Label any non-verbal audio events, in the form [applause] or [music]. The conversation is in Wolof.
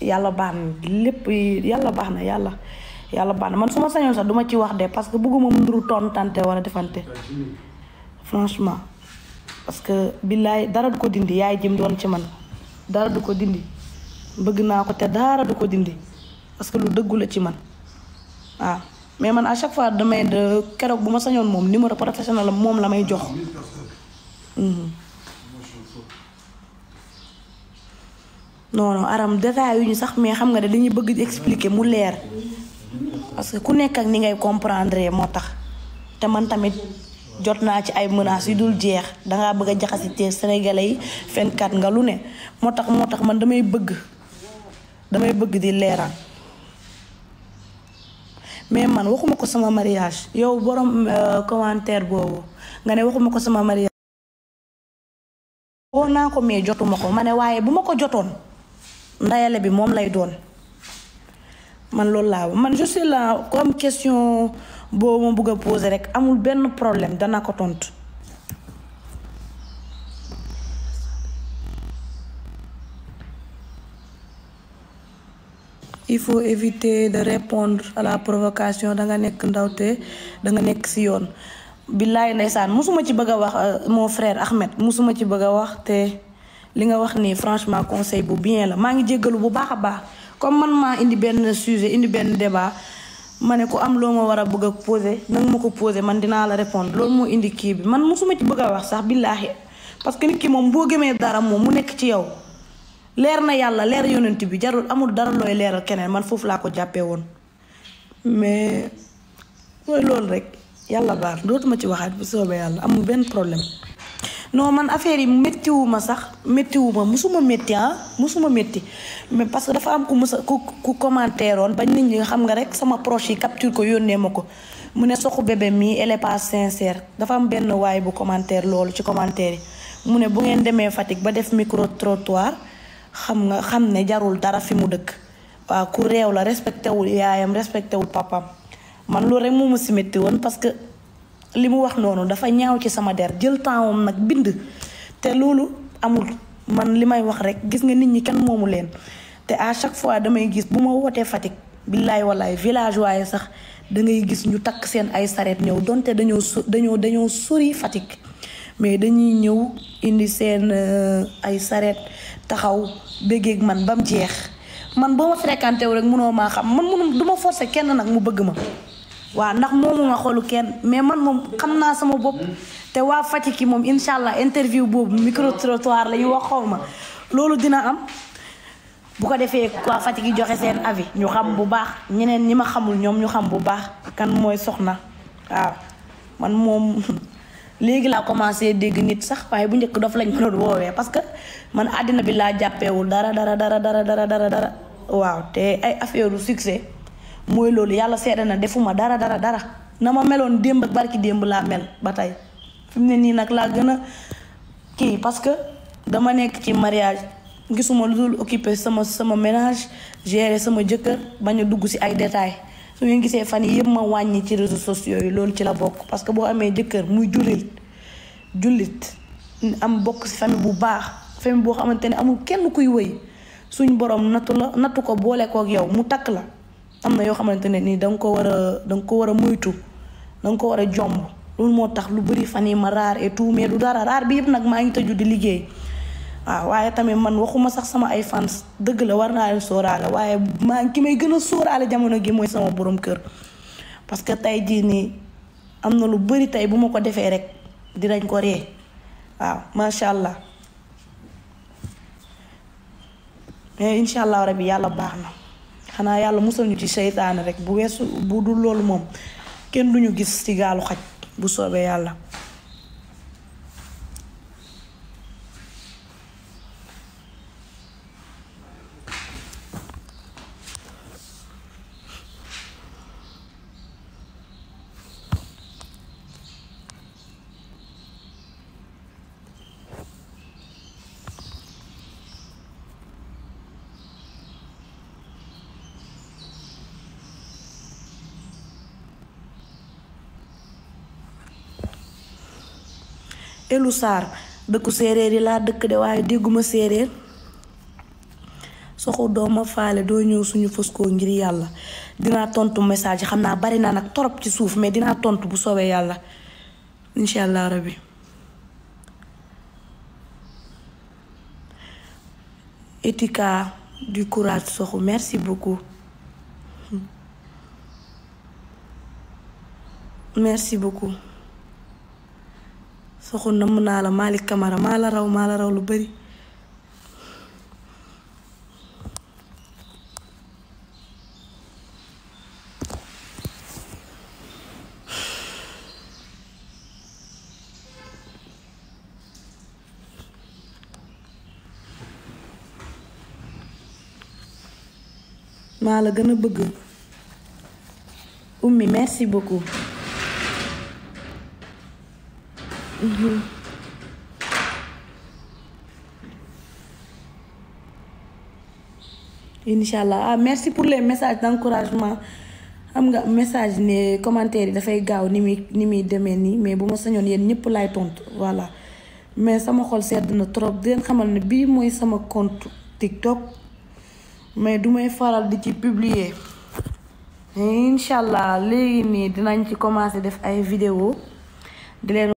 yàlla baax na lépp yàlla baax na yàlla yàlla baax na man su ma sañoon sax duma ci wax de parce que bëgguma mu nduru tontante wala defante franchement parce que billaay dara du ko dindi yaay jëm doon ci man dara du ko dindi bëgg naa ko te dara du ko dindi parce que lu dëggu la ci man waaw mais man à chaque fois damay de keroog bu ma sañoon moom numéro professionnel moom la may jox mhm. non araam aram yu ñu sax mais xam nga ne dañuy bëgg di expliquer mu leer parce que ku nekk ak ni ngay comprendre moo tax te man tamit jot naa ci ay menaces yu dul jeex dangaa bëgg a jaxasitee sénégalais yi fenkat nga lu ne moo tax moo tax man damay bëgg damay bëgg di leeral mais man waxuma ko sama mariage yow borom euh, commentaire boobu nga ne waxuma ko sama mariage. woo naa ko mais jotuma ko ma ne waaye bu ma ko jotoon. ndayale bi moom lay doon man loolu laa man je suis là comme question boobu ma bëgg a poser rek amul benn problème dana ko tontu. il faut éviter de répondre à la provocation danga nekk ndawte danga nekk ci yoon billaay ndeysaan musuma ci bëgg a wax euh, mon frère Ahmed musuma ci bëgg a wax te. li nga wax nii franchement conseil bu bien la maa ngi jéggalu bu baax a baax comme man maa indi benn sujet indi benn débat ma ne ko am loo ma war a bëgg a posé nanga ma ko posé man dinaa la répondre loolu moo indi kii bi man mosuma ci bëgg a wax sax billaahi parce que nit kii moom boo gëmee dara moom mu nekk ci yow leer na yàlla leer yonent bi jarul amul dara looy leeral keneen man foofu laa ko jàppee woon mais mooy loolu rek yàlla baar dootuma ci waxaat bu soobee yàlla amul benn problème non man affaire yi méttiwu ma sax méttiwu ma musuma métti ah musuma métti mais parce que dafa am ku musa ku ku commentaire woon ba nit ñi xam nga rek sama proche yi capture ko yónnee ma ko mu ne soxu bébé mii elle est pas dafa am benn waay bu commentaire loolu ci commentaire yi mu ne bu ngeen demee Fatick ba def micro trottoir xam nga xam ne jarul dara fi mu dëkk waaw ku réew la respecté wul yaayam respecté wul papam man loolu rek moo ma si woon parce li mu wax noonu dafa ñaaw ci sama der jël temps nag bind te loolu amul man li may wax rek gis nga nit ñi kenn moomu leen te à chaque fois damay gis bu ma wootee Fatick billaay wallaay village waaye sax da ngay gis ñu takk seen ay sareet ñëw donte dañoo dañoo dañoo sori Fatick mais dañuy ñëw indi seen euh, ay sareet taxaw béggeeg man ba mu jeex man boo ma fréquenté wu rek mënoo maa xam man mënu du ma forcer kenn nag mu bëgg ma waaw ndax moomuma xolu kenn mais man moom xam naa sama bopp te waa Fatick yi moom incha allah interview boobu micro trottoir la ñu wax xaw ma loolu dina am bu ko defee waa Fatick joxe seen avis ñu xam bu baax ñeneen ñi ma xamul ñoom ñu xam bu baax kan mooy soxna waaw man moom [laughs] léegi laa commencé dégg nit sax waaye bu njëkk dof lañ ko doon woowee parce que man àddina bi laa jàppeewul dara dara dara dara dara dara waaw te ay affaire u succès mooy loolu yàlla seede na defuma dara dara dara na ma meloon démb ak barki démb laa mel ba tey fi mu ne nii nag laa gën a kii parce que dama nekk ci mariage gisuma lu dul occupé sama sama ménage gere sama jëkkër bañ a dugg si ay détails su ngeen gisee fan yi yëpp ma wàññi ci réseaux sociaux yi loolu ci la bokk parce que boo amee jëkkër muy jullit jullit am bokk si famille bu baax famille boo xamante ne amul kenn kuy wëy suñ borom nattu la nattu ko boole kook yow mu takk la. am na yoo xamante ne nii danga ko war a danga ko war a muytu danga ko war a jomb loolu moo tax lu bari fan yi ma raar et tout dara raar bi yëpp nag maa ngi tëju di liggéey waaw ah, waaye tamit man waxuma sax sama ay fans dëgg la war naa leen sóoraale waaye maa ki may gën a sóoraale jamono gi mooy sama borom kër parce que tey jii nii am na lu bëri tey bu ma ko defee rek dinañ ko waaw macha allah mais incha allah rabbi yàlla baax na. xanaa yàlla musal ñu ci seytaane rek bu weesu bu dul loolu moom kenn du ñu gis ci gaalu xaj bu soobee yàlla lu Sarr dëkku séeréer yi laa dëkk de waaye dégguma séeréer soxu dooma faale doo ñëw suñu fëskoo ngir yàlla dinaa tontu message xam naa bari na nag torop ci suuf mais dinaa tontu bu soobee yàlla incha allah rabbi Etika du merci beaucoup merci beaucoup soxna namm naa la Malick Camara maa la raw maa la raw lu bari maa la gën a bëgg ummi merci beaucoup Mhm. incha allah ah merci pour les messages d' encouragement xam nga message ne commentaire yi dafay gaaw ni muy ni muy demee nii mais bu ma sañoon yéen ñëpp laay tontu voilà mais sama xol sedd na trop di leen xamal ne bii mooy sama compte TikTok mais du may faral di ci publier. incha allah léegi nii dinañ ci commencer def ay vidéo di leen.